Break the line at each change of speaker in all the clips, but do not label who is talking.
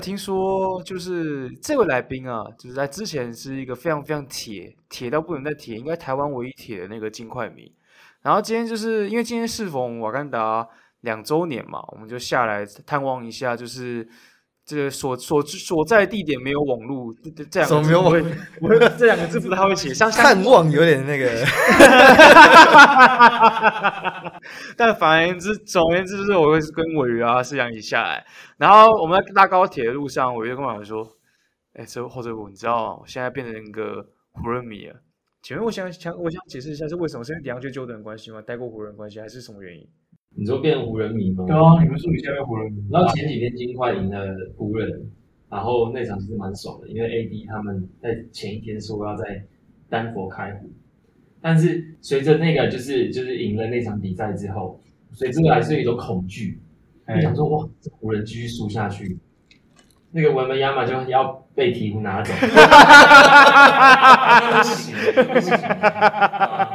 聽說就是這位來賓啊，就是在之前是一個非常非常鐵，鐵到不能再鐵，應該台灣唯一鐵的那個金塊迷。然後今天就是因為今天適逢瓦甘達兩週年嘛，我們就下來探望一下，就是。這個所所所在的地點沒有網絡，這這這兩個 這兩個字不太會寫，像探望有點那個。 但反言之，總言之就是，我會跟鮪魚啊是講一下然後我們在搭高鐵的路上，鮪魚跟我講說，哎、欸，這或者我你知道，我現在變成一個湖人迷了，請問我想想，我想解釋一下是為什麼，是因為 DeAndre Jordan 的關係嗎？待過湖人關係還是什麼原因？你說變湖
人迷嗎？對啊、嗯，嗯、你們輸比賽變湖人迷。然後前幾天金塊贏了湖人，然後那場其實蠻爽的，因為 AD 他們在前一天說要在丹佛開胡，但是隨着那個就是就是贏了那場比賽之後，隨之來是有一種恐懼，嗯、我想說哇，這湖人繼續輸下去，嗯、那個文班亞馬就要被鵜鶘拿走。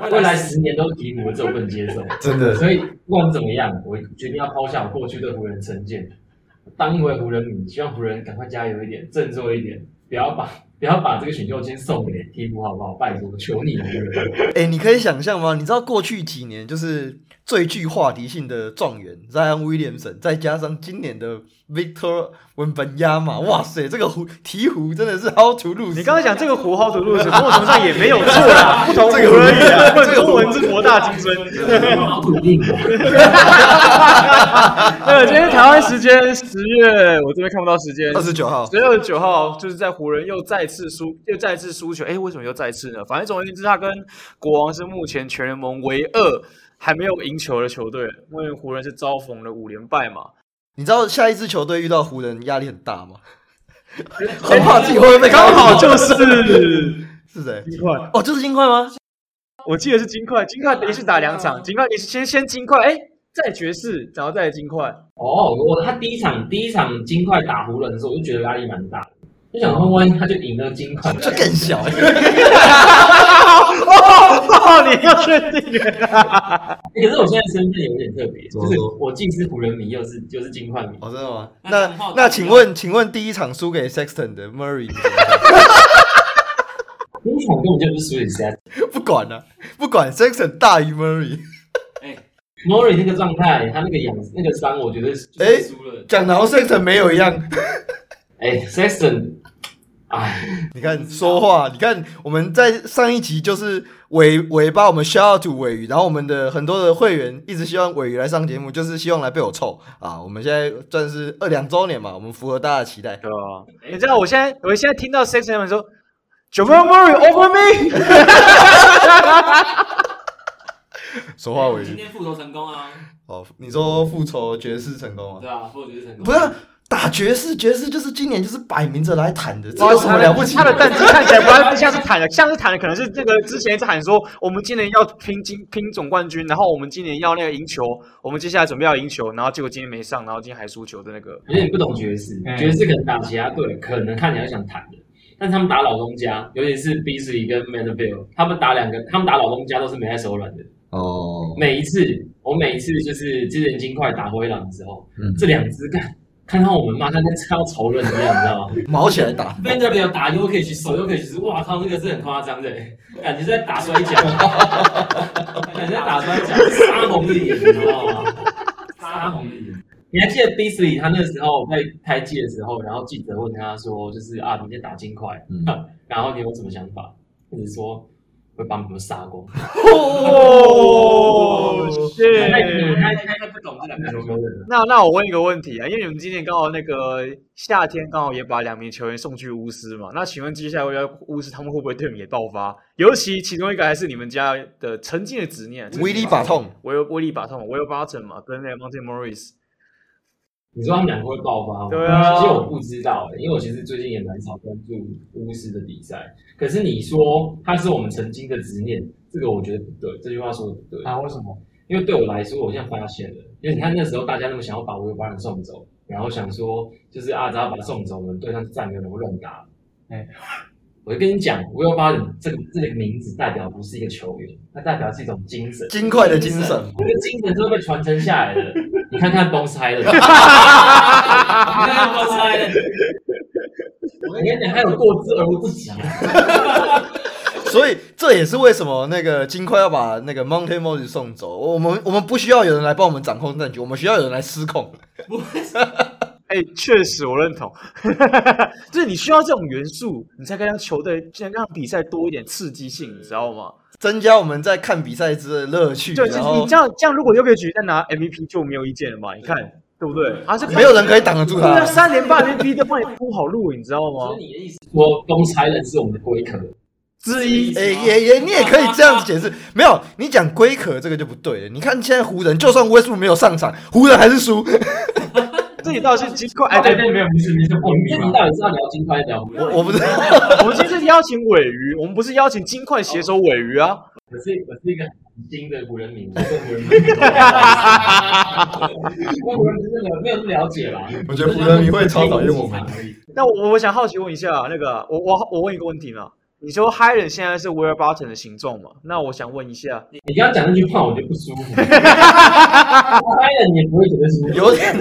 未來十年都提，不過這份接受， 真的。所以不管怎麼樣，我決定要拋下我過去對湖人成見，當一回湖人迷，希望湖人趕快加油一點，振作一點。不要把不要把這個選秀金送給鵜鶘，好不好？拜託，求你了。
哎、 欸，你可以想象嗎？你知道過去幾年就是最具話題性的狀元，Zion 威廉森，再加上今年的 Victor
Wembanyama 嘛，哇塞，這個鵜鶘真的是好投入。你剛才講這個湖好投入是，從我頭上也沒有錯啦，不同而已啊。中文是博大精深。好肯、 哦、對，今天台灣時間十月，我這邊看不到時間，二十九號，十月二十九號就是在。湖人又再次輸，又再次輸球。哎、欸，為什麼又再次呢？反正總而言之，他跟國王是目前全聯盟唯二還沒有贏球的球隊。因為湖人是遭逢了五連敗嘛。你知道下一支球隊遇到湖人壓力很大嗎？很、欸、怕自己會被打。剛、欸、好就是，是誰？金塊哦，這、就是金塊嗎？哦就是、嗎，我記得是金塊。金塊等於是打兩場，金塊也是先
先金塊，哎、欸，再爵士，然後再金塊。哦，如果他第一場第一場金塊打湖人的時候，我就覺得壓力蠻大。就想說，萬一他就贏那個金塊、啊，就更小一點。你要確定、 欸、可是我現在身份有點特別，就是我既是湖人迷，又是又、就是金塊迷。哦，真的嗎？那
那，那請問，嗯、請問，第一場輸給 Sexton 給 的 Murray，
第一場我根本就是輸給 Sext，o n 不管了、啊，不管 Sexton 大於 Murray。哎、 欸、，Murray 那個狀態，他那個養那個傷，我覺得哎講的好像 Sexton 沒有一樣。哎，Sexton、欸。Se xton, 哎，你看說話，你看
我們在上一集就是尾尾巴，我們 shout out 鮪魚，然後我們的很多的會員一直希望鮪魚來上節目，就是希望來被我臭啊。我們現在算是二兩週年嘛，我們符合大家的期待。對啊，你、
欸、知道我現在我現在聽到 s e C C 們說，Jamal Murray over me，說話鮪魚今
天復仇成功啊。哦，你說復仇爵士成功啊？對啊，復仇絕世成功，不是、啊。打爵士，爵士就是今年就是擺明着來談的，這有什麼了不起的？他， 他的戰績看起來不像是談
的，像是談的可能是這個之前一直喊說我們今年要拼金拼總冠軍，然後我們今年要那個贏球，我們接下來準備要贏球，然後結果今天沒上，然後今天還輸球的那個。有點、嗯、不懂爵士，嗯、爵士可能打其
他隊、嗯、可能看起來想談的，但他們打老東家，尤其是 Beasley 跟 Vanderbilt，他們打兩個，他們打老東家都是沒在手軟的。哦，每一次我每一次就是之前金塊打灰狼之後，嗯、這兩支幹。看到我們嘛，他那看到仇人一樣，你知道嗎？
毛起來打
Benjamin 打 U 可以舉手，U 可以舉，哇靠，那個是很誇張的，感覺在打摔跤，感覺在打摔跤，殺紅了眼，你知道嗎？殺紅了眼。你還記得 Beastly 他那個時候在拍戲的時候，然後記者問他說，就是啊，你在打金塊，嗯、然後你有，有什麼想法？你說。會幫你們殺光。哦、oh, yeah.，
是，那那我問一個問題啊，因為你們今年剛好那個夏天剛好也把兩名球員送去巫師嘛，那請問接下來我要巫師他們會不會對你們爆發？尤其其中一個還是你們家的曾經的執念，威爾 Will, 巴頓，我有威爾巴頓，我有巴頓嘛，跟那個 Monte Morris。你說他們兩個會爆發嗎？對、啊、其實我不知道哎、欸，因為我其實
最近也蠻少關注巫師的比賽。可是你說他是我們曾經的執念，這個我覺得不對。這句話說的不對啊？為什麼？因為對我來說，我現在發現了，因為你看那時候大家那麼想要把威爾巴頓送走，然後想說就是阿、啊、扎把他送走、嗯對他，我們對上戰員不會亂打。誒、欸、我跟你講，威爾巴頓這個這個名字代表不是一個球員，它代表是一種精神，金塊的精神。這神 個精神是被傳承下來的。 你看看崩拆了，哈哈哈哈哈哈！ 你看看崩拆了， 我跟你講，還有過之而無不及，哈
哈哈哈，所以這也是為什麼那個金塊要把那個 Monte Morris 送走。我們我們
不需要有人來幫我們掌控戰局，我們需要有人來失控。不 會、 欸？哎，確實我認同， 就是你需要這種元素，你才可以讓球隊，讓比賽多一點刺激性，你知道嗎？增加我們在看比賽之的樂趣。對，對其實你這樣這樣，如果 Jokic 再拿 MVP 就沒有意見了嘛？你看對，對不對？還、啊、是沒有人可以擋得住他，啊對。三連霸 MVP 都幫你鋪好路，你知道嗎？你的意思，我東差人是我們的龜殼之一。哎，也也，欸欸欸，你也可以這樣子解釋。啊啊啊、沒有，你講龜殼這個就不對了。你看現
在湖人，就算威斯布魯克沒有上場，湖人還是輸。你到底是金塊？哎、啊、啊、
對，對對，有，不是，你是湖人、啊、你到底
知道你要金塊一點我？我不是， 我們今天是邀請鮪魚，我們不是邀請金塊攜手鮪魚啊。我、哦、是我是
一個新的湖人迷，一個湖人迷。哈哈哈哈哈哈！我、那個、沒有那麼了解啦。我覺得湖人迷會超
討厭。我們。那 我我想好奇問一下，那個我我我問一個問題呢、啊？你說 Hyland 現在是 Will Barton 的形狀嗎？那我想問一下，你你剛講那句話我就不舒服。Hyland 你不會覺得舒服，有點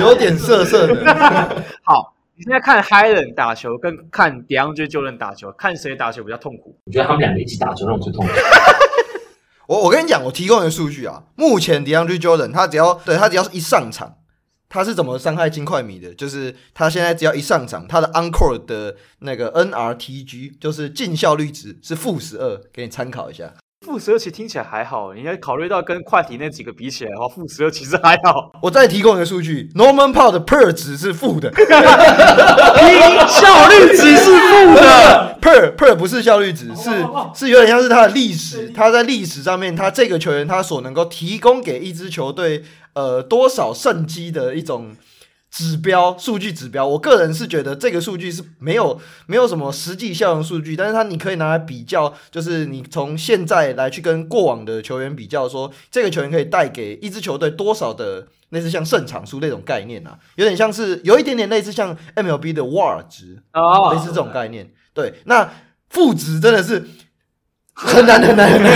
有點澀澀的？ 好，你現在看 Hyland 打球，跟看 DeAndre Jordan 打球，看誰打球比較痛苦？我覺得他們兩個一起打球那種最痛
苦。我 我跟你講，我提供的數據啊，目前 DeAndre Jordan 他只要，對，他只要一上場。他是怎麼傷害金塊米的？就是他現在只要一上場，他的 encore 的那個 NRTG 就是淨效率值是負十二，12, 給你參考一下。
負十二其實聽起來還好，你要考慮到跟快艇那幾個比起來，哈、哦，負十二其實還好。
我再提供一個數據，Norman Powell 的 per 值是負的，效率值是負的是是。per per 不是效率值，是是有點像是他的歷史，他在歷史上面，他這個球員他所能夠提供給一支球隊。呃，多少勝機的一種指標數據指標，我個人是覺得這個數據是沒有沒有什麼實際效用數據，但是它你可以拿來比較，就是你從現在來去跟過往的球員比較說，說這個球員可以帶給一支球隊多少的類似像勝場數那種概念啊，有點像是有一點點類似像 MLB 的 WAR 值啊，oh, wow. 類似這種概念。對，那負值真的是。很難很難，很難，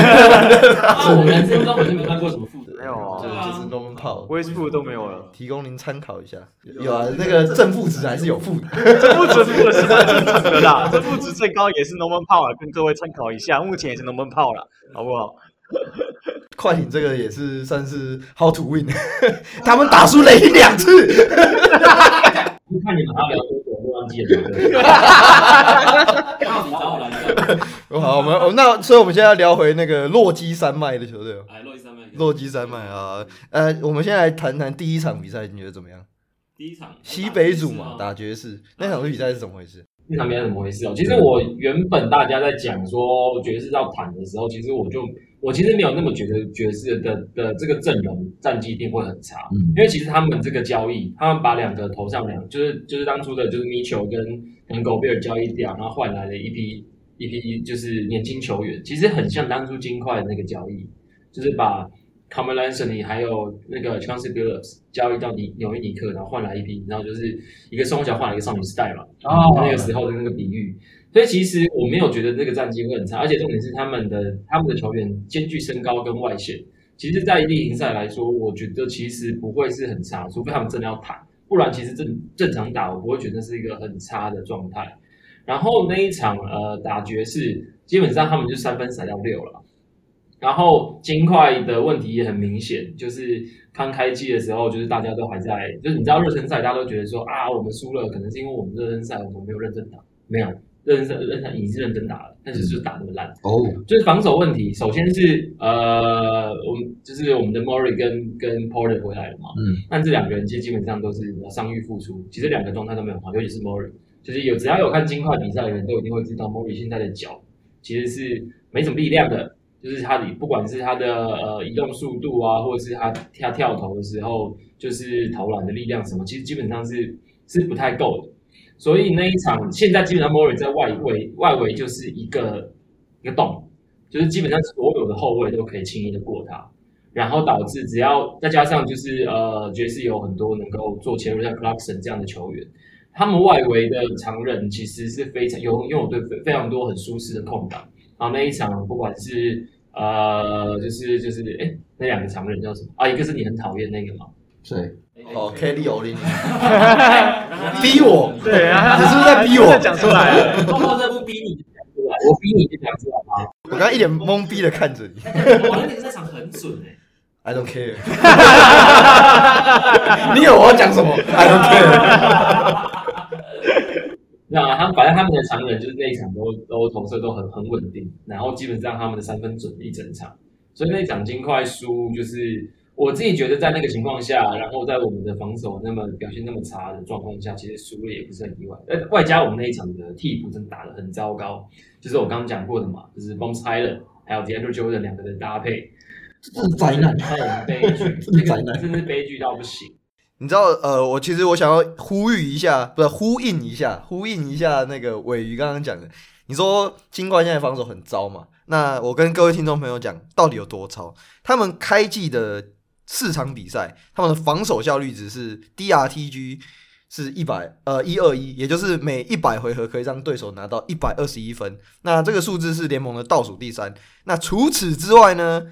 我們男生，到現在沒看過什麼負的沒
有啊，就是 Norman Powell，微負都沒有了，提供您參考一下。有啊，那個正負值還是有負的，正負值的是正常的啦，正負值最高也是 Norman Powell 了，跟各位參考一下，目前也是 Norman Powell 了，好不好？快艇這個也是算
是 how to win，
他們打輸了
一兩次。
看你把它聊多久，我都忘記
了對不對？哈哈哈哈哈！好，我們那，所以我們現在要聊回那個洛基山脈的球隊洛基山脈，洛基山脈啊、呃。我們現在談談第一場比賽，你覺得怎麼樣？第一
場，哎、
西北組嘛，打爵士。爵士那場比賽是怎麼回事？那場比賽怎麼回事，其實
我原本大家在講說爵士要坦的時候，其實我就。我其實沒有那麼覺得爵士的的、的這個陣容戰績一定會很差，嗯、因為其實他們這個交易，他們把兩個頭上兩，就是就是當初的，就是 Mitchell 跟跟 Gobert 交易掉，然後換來了一批一批就是年輕球員，其實很像當初金塊的那個交易，就是把 Carmelo Anthony 還有那個 Chauncey Billups 交易到紐約尼克，然後換來一批，然後就是一個松喬換了一個少女時代嘛，哦嗯、那個時候的那個比喻。哦所以其實我沒有覺得這個戰績會很差，而且重點是他們的他們的球員兼具身高跟外線。其實，在例行賽來說，我覺得其實不會是很差，除非他們真的要躺。不然其實正正常打，我不會覺得是一個很差的狀態。然後那一場呃打爵士，基本上他們就三分殺掉六了。然後金塊的問題也很明顯，就是剛開季的時候，就是大家都還在，就是你知道熱身賽，大家都覺得說，啊我們輸了，可能是因為我們熱身賽我們沒有認真打，沒有。認真認真，已經認真打了，但是就是打那麼爛。哦，oh. 就是防守問題。首先是呃，我們就是我們的 Murray 跟跟 Porter 回來了嘛。嗯。但這兩個人其實基本上都是傷癒復出，其實兩個狀態都沒有好，尤其是 Murray，就是有只要有看金塊比賽的人都一定會知道，Murray 現在的腳其實是沒什麼力量的，就是他的不管是他的呃移動速度啊，或者是他他跳,跳投的時候，就是投籃的力量什麼，其實基本上是是不太夠的。所以那一場，現在基本上莫瑞在外圍，外圍就是一個一個洞，就是基本上所有的後衛都可以輕易的過他，然後導致只要再加上就是呃爵士有很多能夠做切入的 Clarkson 這樣的球員，他們外圍的長人其實是非常有擁有對非常多很舒適的空檔，啊那一場不管是呃就是就是哎那兩個長人叫什麼啊？一個是你很討厭那個嗎？對。哦，Kelly，你逼我，對、啊，你是不是在逼我講出來了？啊、是是我再不逼你， 我逼你，你講出來嗎？我
剛剛一臉懵逼的看着你，我覺得你那
場很準哎，I don't care。 你有我講什麼？I don't care。那他們反正他們的常人就是那一場都都投射都很很穩定，然後基本上他們的三分準一整場，所以那獎金塊輸就是。我自己覺得在那個情況下，然後在我們的防守那麼表現那麼差的狀況下，其實輸了也不是很意外。呃，外加我們那一場的替補真的打得很糟糕，就是我剛剛講過的嘛，就是 Bones Hyland 還有 DeAndre Jordan 兩個人搭配，這是災難，這是悲劇， 這是災難，甚至悲劇到不行。
你知道，呃，我其實我想要呼籲一下，不是呼應一下，呼應一下那個鮪魚剛剛講的。你說金塊現在防守很糟嘛。那我跟各位聽眾朋友講，到底有多糟？他們開季的四場比賽，他們的防守效率值是 DRTG，是一百，呃，一二一，也就是每一百回合可以讓對手拿到一百二十一分。那這個數字是聯盟的倒數第三。那除此之外呢，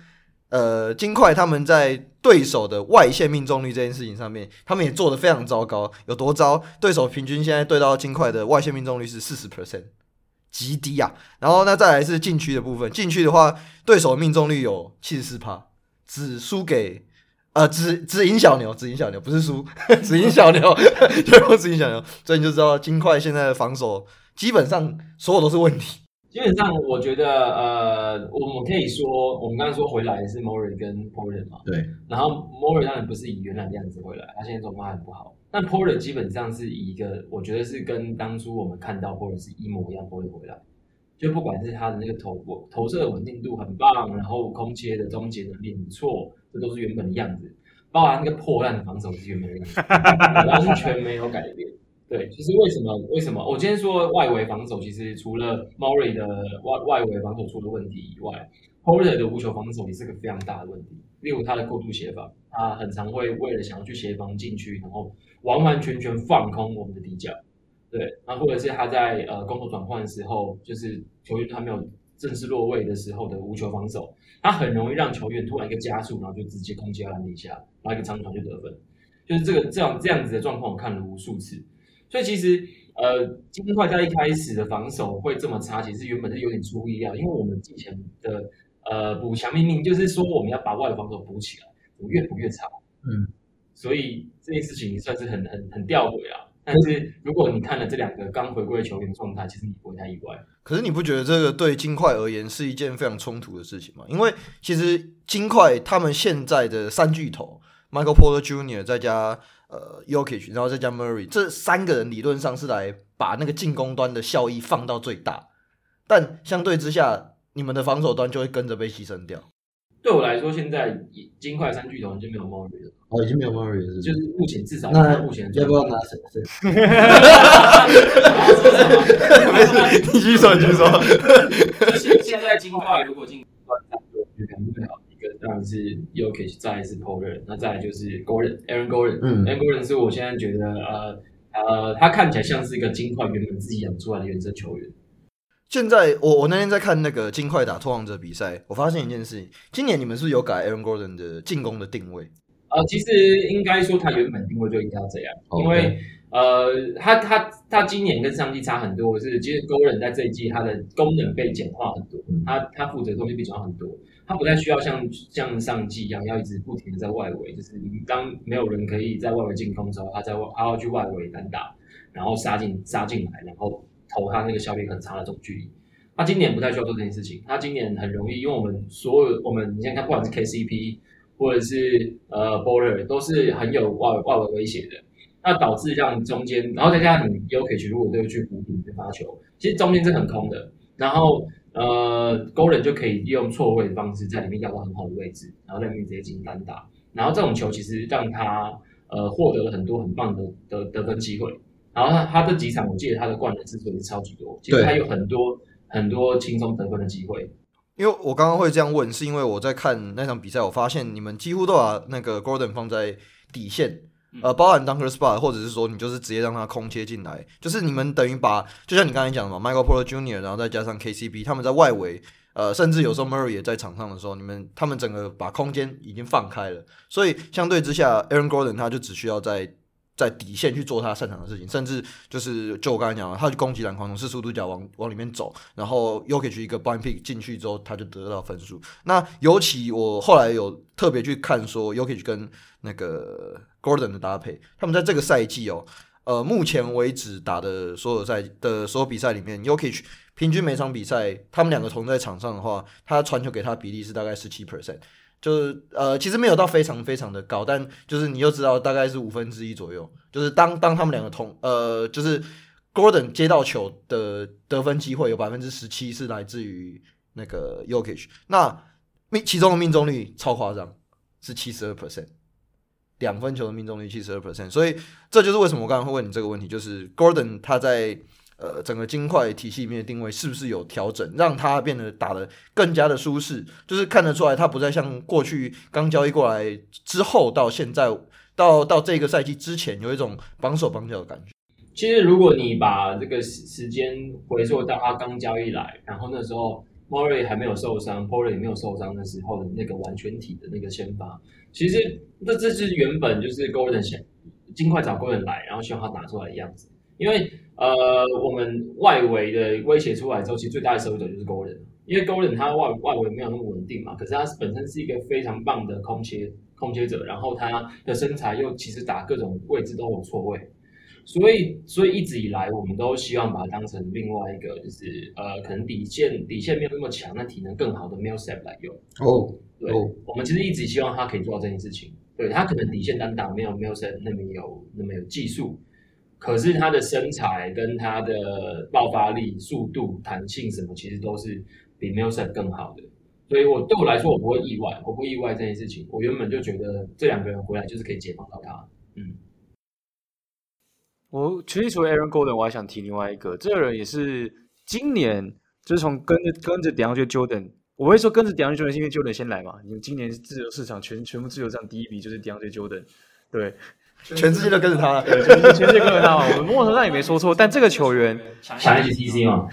呃，金塊他們在對手的外線命中率這件事情上面，他們也做得非常糟糕。有多糟？對手平均現在對到金塊的外線命中率是四十 percent，極低啊。然後那再來是禁區的部分，禁區的話，對手命中率有七十四帕，只輸給，呃，只只贏小牛，只贏小牛，不是輸，只贏小牛，對， 只贏 小牛。所以你就知道，金塊現在的防守基本上所有都是問題。
基本上，我覺得，呃，我們可以說，我們剛才說回來是 Murray 跟 Porter 嘛？對。然後 Murray 當然不是以原來的樣子回來，他現在狀況很不好。但 Porter 基本上是以一個，我覺得是跟當初我們看到 Porter 是一模一樣。不會回來，就不管是他的那個投投射的穩定度很棒，然後空切的終結能力不錯。這都是原本的樣子，包含那個破爛的防守，是原本的樣子， 完全沒有改變。對，其實為什麼？為什麼？我今天說外圍防守，其實除了莫瑞的外外圍防守出了問題以外，Porter 的無球防守也是個非常大的問題。例如他的過度協防，他很常會為了想要去協防進去，然後完完全全放空我們的底角。對，那或者是他在呃攻守轉換的時候，就是球員他沒有。正式落位的時候的無球防守，他很容易讓球員突然一個加速，然後就直接空切到籃底下，然後一個長傳就得分。就是這個這樣這樣子的狀況，我看了無數次。所以其實呃，金塊在一開始的防守會這麼差，其實原本是有點出乎意料，因為我們之前的呃補強命令就是說我們要把外的防守補起來，怎麼越補越差，嗯。所以這件事情算是很很很吊詭啊。但是如果你看了這兩個剛回歸的球員的狀態，其實你不會太意外。
可是你不覺得這個對金塊而言是一件非常衝突的事情嗎？因為其實金塊他們現在的三巨頭，Michael Porter Jr. 再加呃 Jokic 然後再加 Murray，這三個人理論上是來把那個進攻端的效益放到最大，但相對之下，你們的防守端就會跟着被犧牲掉。
對我來說，現在金塊三巨頭已經沒有 Murray 了，
哦，已經沒有 Murray 了，就是目前至少那目前不知道拿誰，沒事，繼續說，繼續說。現
在金塊如果進，當然最好一個當然是 Jokic，再來是 Porter 那再來就是 Gordon Aaron Gordon 嗯 Aaron Gordon 是我現在覺得呃呃他看起來像是一個金塊原本自己養出來的原生球員
現在我我那天在看那個金塊打拓荒者比賽，我發現一件事情：今年你們是不是有改 Aaron Gordon 的進攻的定位、
呃？其實應該說他原本定位就應該要這樣，oh, 因為 okay. 呃，他他他今年跟上季差很多，是其實 Gordon 在這一季他的功能被簡化很多，嗯、他他負責的東西比較很多，他不再需要像、嗯、像上季一樣要一直不停的在外圍，就是你當沒有人可以在外圍進攻的時候，他在外他要去外圍單打，然後殺進殺進來，然後。投他那個效率很差的這種距離，他今年不太需要做這件事情。他今年很容易，因為我們所有我們你現在看，不管是 KCP 或者是呃 Porter 都是很有外圍外圍威脅的。那導致讓中間，然後再加上 Jokic 如果都去補底去發球，其實中間是很空的。然後呃，Gordon 就可以利用錯位的方式在裡面要到很好的位置，然後在裡面直接進行單打。然後這種球其實讓他呃獲得了很多很棒的得得分機會。然後他這幾場，我記得他的灌籃次數也是超級多，其實他有很多對很多輕
鬆得分的機會。因為我剛剛會這樣問，是因為我在看那場比賽，我發現你們幾乎都把那個 Gordon 放在底線，嗯、呃，包含 Dunker Spot，或者是說你就是直接讓他空切進來，就是你們等於把，就像你剛才講的嘛，Michael Porter Junior，然後再加上 KCP，他們在外圍，呃，甚至有時候 Murray 也在場上的時候，嗯、你們他們整個把空間已經放開了，所以相對之下，Aaron Gordon 他就只需要在。在底線去做他擅長的事情，甚至就是就我剛才講了，他去攻擊籃筐，四十五度角往往裡面走，然後 Yokich 一個 bound pick 進去之後，他就得到分數。那尤其我後來有特別去看說 Yokich 跟那個 Gordon 的搭配，他們在這個賽季哦，呃，目前為止打的所有賽的所有比賽裡面，Yokich 平均每場比賽他們兩個同在場上的話，他傳球給他比例是大概十七 percent。就是呃，其實沒有到非常非常的高，但就是你又知道大概是五分之一左右。就是當當他們兩個同呃，就是 Gordon 接到球的得分機會有百分之十七是來自於那個 Jokic 那命其中的命中率超誇張，是七十二 percent，兩分球的命中率七十二 percent，所以這就是為什麼我剛才會問你這個問題，就是 Gordon 他在。呃，整個金塊體系裡面的定位是不是有調整，讓他變得打得更加的舒適？就是看得出來，他不再像過去剛交易過來之後到現在，到到這個賽季之前，有一種綁手綁腳的感覺。
其實，如果你把這個時時間回溯到他剛交易來，然後那時候 Murray 還沒有受傷，Porter 也沒有受傷的時候的那個完全體的那個先發，其實那這是原本就是 Gordon 想儘快找 Gordon 來，然後希望他打出來的樣子。因為呃，我們外圍的威脅出來之後，其實最大的受益者就是 Gordon，因為 Gordon 他外外圍沒有那麼穩定嘛，可是他本身是一個非常棒的空切空切者，然後他的身材又其實打各種位置都有錯位，所以所以一直以來我們都希望把他當成另外一個就是呃，可能底線底線沒有那麼強，但體能更好的 Millsap 來用哦，對，哦、我們其實一直希望他可以做到這件事情，對，他可能底線單打沒有 Millsap 那麼有那麼有技術。可是他的身材跟他的爆發力、速度、彈性什麼，其實都是比 Millsap 更好的。所以，我對我來說，我不會意外，我不意外這件事情。我原本就覺得這兩個人回來就是可以解放到他。嗯，
我其實除了 Aaron Gordon，我還想提另外一個，這個人也是今年就是從跟着跟着 DeAndre Jordan，我會說跟着 DeAndre Jordan 是因為 Jordan 先來嘛。你們今年自由市場全全部自由站，第一筆就是 DeAndre Jordan，對。全世界都跟着他了，就是、全世界跟着他了。我們莫和尚也沒說錯，但這個球員，想 H T C 嘛？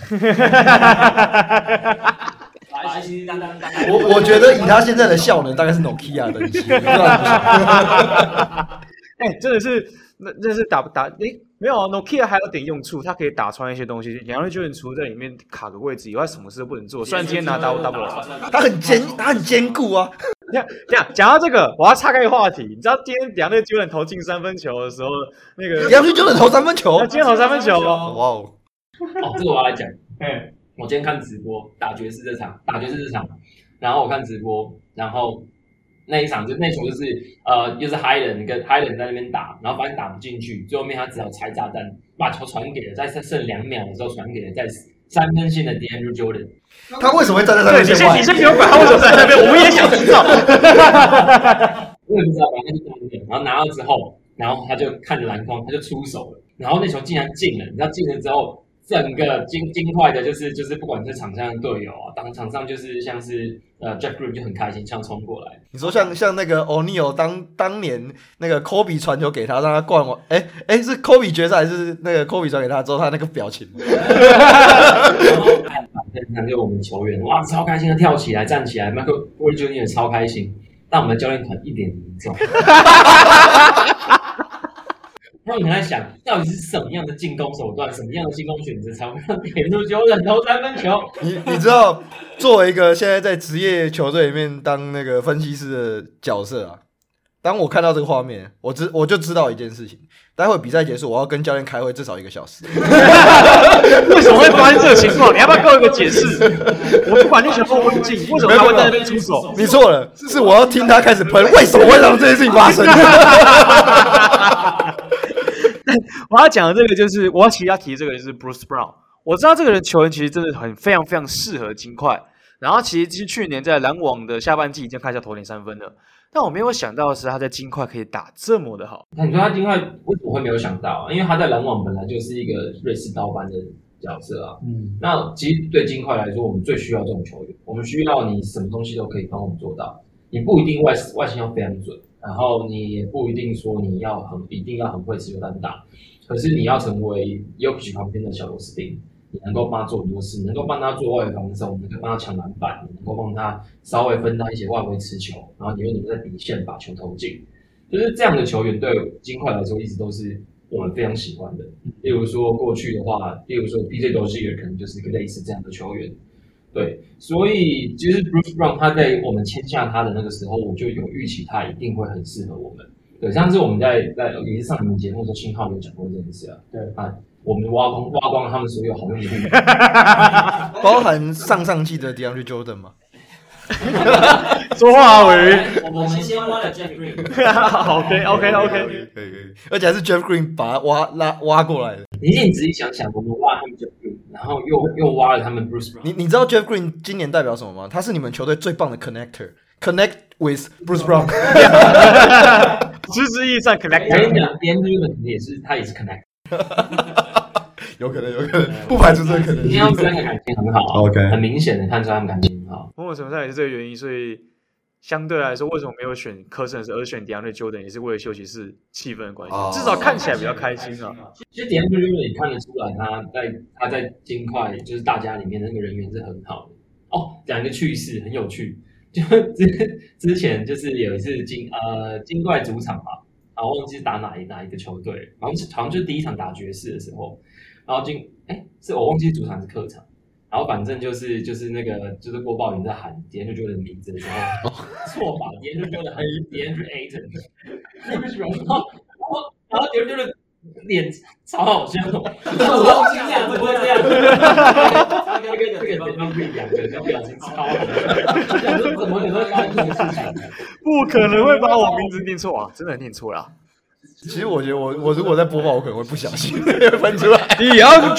白白洗洗當當當。MA,
MA, MA, 我我覺得以他現在的
效能，大概是 Nokia、ok、的一些。
哎
欸，真的是，那那是打不打？哎、欸，沒有啊，Nokia 還有點用處，它可以打穿一些東西。楊瑞軍除了在裡面卡個位置以外，什麼事都不能做。算雖然今天拿 double double 了，他很堅，哦、他很堅固啊。這樣這樣講到這個，我要岔開一個話題。你知道今天兩隊球員投進三分球的時候，那個兩隊球員投三分球，啊，今天投三分球哦。哇哦，啊，好
好哦，這個我要來講。嗯，我今天看直播打爵士這場，打爵士這場，然後我看直播，然後那一場就那球就是，嗯，呃，又是 high 人跟 high 人在那邊打，然後發現打不進去，最後面他只好拆炸彈，把球傳給了，再剩剩兩秒的時候傳給了再死。三分線的 DM Jordan，他為什麼會站在那邊？你先，你先不用管他為什麼站在那邊。 我們也想知道。我也不知道，反正就是 Jordan，然後拿到之後，然後他就看着籃筐，他就出手了，然後那時候竟然進了，你知道進了之後。整個驚驚壞的，就是，就是就是，不管是場上的隊友啊，當場上就是像是呃，Jack Green 就很開心，像衝過來。
你說像像那個 O'Neal 當當年那個 Kobe 傳球給他，讓他灌我，哎哎，是科比決賽還是，是那個 Kobe
傳球給他之後，他那個表情。 然後全場給我們球員哇，超開心的跳起來站起來，Michael o 也超開心，但我們的教練團一點沒走。 我你在想到底是什麼樣的進攻手段，什麼樣的進攻選擇，怎麼樣連續九投三分球？你你知
道，作為一個現在在職業球隊裡面當那個分析師的角色啊，當我看到這個畫面，我知我就知道一件事情，待會比賽結束，我要跟教練開會至少一個小時。
為什麼會發生這個情況？你要不要給我一個解釋？我不管你想說冷靜，為什麼他會在那邊出手？你錯了，是我要聽他開始噴，為什麼會讓這些事情發生？ 我要講的這個就是，我要其他提這個人是 Bruce Brown。我知道這個人球員其實真的很非常非常適合金塊，然後其實是去年在籃網的下半季已經開始要投點三分了。但我沒有想到的是他在金塊可以打
這麼的好。那、嗯、你說他金塊為什麼會沒有想到、啊？因為他在籃網本來就是一個瑞士刀般的角色啊。嗯，那其實對金塊來說，我們最需要這種球員，我們需要你什麼東西都可以幫我們做到，你不一定外外線要非常準。然後你也不一定說你要很一定要很會持球單打，可是你要成為 u g 旁邊的小螺絲釘，你能夠幫他做很多事，你能夠幫他做外圍防守，我們可以幫他搶籃板，你能夠幫他稍微分擔一些外圍持球，然後你會能在底線把球投進，就是這樣的球員對金塊來說一直都是我們非常喜歡的。例如說過去的話，例如說 P.J. 多西爾也可能就是一個類似這樣的球員。對，所以其實 Bruce Brown 他在我們簽下他的那個時候，我就有預期他一定會很適合我們。對，上次我們在在也是上你們節目的時候，信號有講過這件事啊。對啊，對我們挖光挖光了他們所有好用的人， 包含上上季的 DeAndre
Jordan 嘛 說話而已。Okay, 我們先
挖了 Jeff Green。好 OK OK OK，可
以可以。而且還是 Jeff Green 把他挖拉挖過來的。你你仔細想想，我們挖這麼久。然後又又挖了他們 Bruce Brown。你你知道 Jeff Green 今年代表什麼嗎？他是你們球隊最棒的 Connector，Connect connect with Bruce Brown，直譯算 Connect。可以
講 Benjamin 也是他也是 Connect，有可能有可能不排除這個可能。看出來感情很好，oh，OK，很明顯的看出他們感情
很好。某種程度上也是這個原因，所以。相對來說，為什麼沒有選科森，而選 DeAndre Jordan，也是為了休息室氣氛的關係，哦、至少看起來比較開心啊。其
實 DeAndre Jordan、啊、也看得出來，他在他在金塊，就是大家裡面那個人緣是很好的。哦，講一個趣事很有趣，就之之前就是有一次金呃金塊主場嘛，然後忘記打哪一哪一個球隊，好像好像就第一場打爵士的時候，然後金哎，是我忘記主場是客場。然後反正就是就是那個就是過爆音在喊，D N 就的名字的時候，錯吧？D N 得很別人就 A 着，你為什麼？然後然後別人就是臉超好笑， 我不會這 不會這樣子，哈哈哈哈哈哈。好
笑，， 不可能會把我名字念錯啊，真的念錯了，啊。其實我覺得我，我我如果在播報，我可能會不小心翻 出來。
哈，